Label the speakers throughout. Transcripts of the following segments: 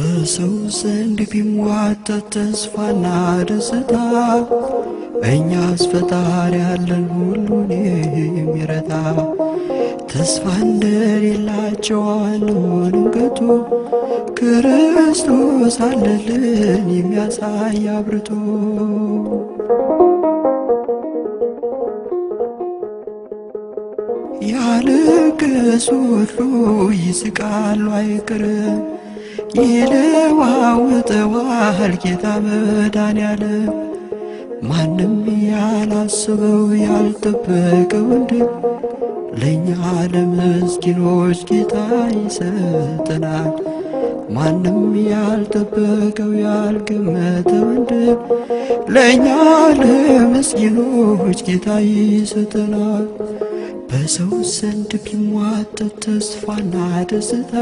Speaker 1: በሰው ዘንድ ቢሟተት ተስፋና ደስታ እኛ ፈጣሪ ያለን ሁሉን የሚረታ ተስፋ እንደሌላቸው አንሆን እንገቱ ክርስቶስ አለልን የሚያሳይ አብርቶ ያለቀሱ ሁሉ ይስቃሉ አይቀርም። ይለዋውጠዋል ጌታ ያለ ማንም ያላስበው ያልጠበቀው እንድን ለእኛ ለምስኪኖች ጌታ ይሰጠናል። ማንም ያልጠበቀው ያልገመተ እንድን ለእኛ ለምስኪኖች ጌታ ይሰጠናል። በሰው ዘንድ ቢሟጠት ተስፋና ደስታ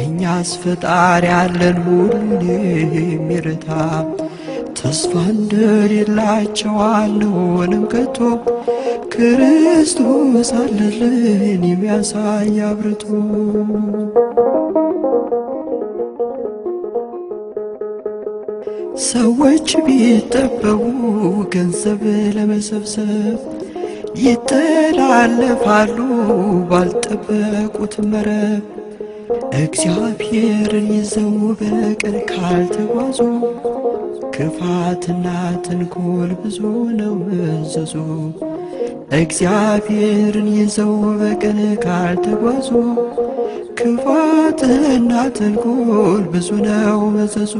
Speaker 1: እኛስ ፈጣሪ ያለን ሁሌ የሚረታ ተስፋ እንደሌላቸው አንሆንም ከቶ ክርስቶስ አለልን የሚያሳይ አብርቶ ሰዎች ቢጠበቡ ገንዘብ ለመሰብሰብ ይተላለፋሉ ባልጠበቁት መረብ እግዚአብሔርን ይዘው በቅን ካልተጓዙ ክፋትና ተንኮል ብዙ ነው መዘዙ። እግዚአብሔርን ይዘው በቅን ካልተጓዙ ክፋትና ተንኮል ብዙ ነው መዘዙ።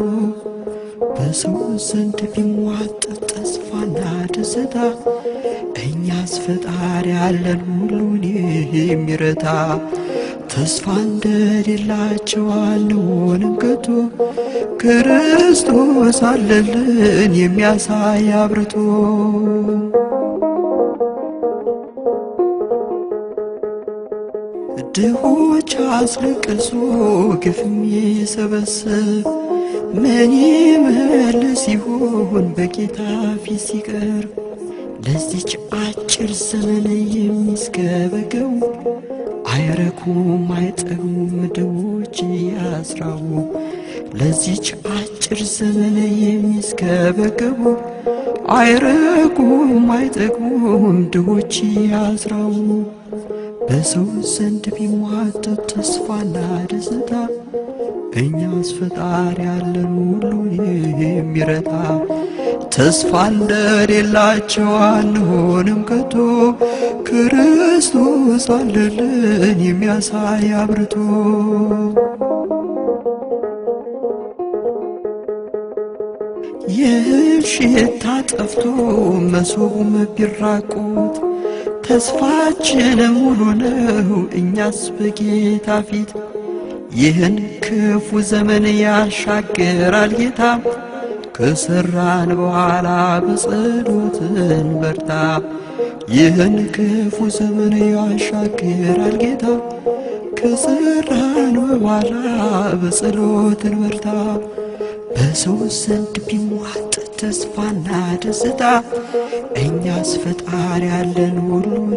Speaker 1: በሰው ዘንድ ቢሟጥ ተስፋና ደስታ እኛስ ፈጣሪ አለን ሁሉን የሚረታ ተስፋ እንደሌላቸው አንሆንም ከቶ ክርስቶስ አለልን የሚያሳይ አብርቶ ድሆች አስለቅሶ ግፍም ይሰበስብ ምን ይመልስ ይሆን በጌታ ፊት ሲቀርብ ለዚች አጭር ዘመን የሚስገበገው አይረኩም አይጠግቡም ድሆች ያስራቡ ለዚች አጭር ዘመን የሚስገበገቡ አይረኩም አይጠግቡም ድሆች ያስራቡ በሰው ዘንድ ቢሟጠጥ ተስፋና ደስታ እኛ አስፈጣሪ ያለን ሁሉ የሚረታ ተስፋ እንደሌላቸው አንሆንም ከቶ ክርስቶስ አለልን የሚያሳይ አብርቶ ይህን ሽታ ጠፍቶ መሶቡም ቢራቁት ተስፋችን ሙሉ ነው እኛስ በጌታ ፊት ይህን ክፉ ዘመን ያሻግራል ጌታ ከሰራን በኋላ በጸሎት በርታ ይህን ክፉ ዘመን ያሻግራል ጌታ። ከሰራን በኋላ በጸሎት በርታ በሰው ዘንድ ቢሟጥ ተስፋና ደስታ፣ እኛስ ፈጣሪ ያለን ሁሉን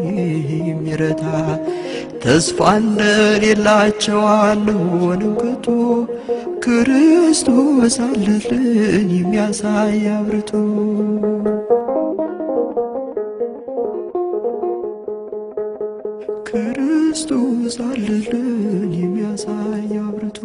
Speaker 1: የሚረታ ተስፋ እንደሌላቸው አለሆን እውቀቱ ክርስቶስ አለልን የሚያሳይ አብርቱ ክርስቶስ አለልን የሚያሳይ አብርቱ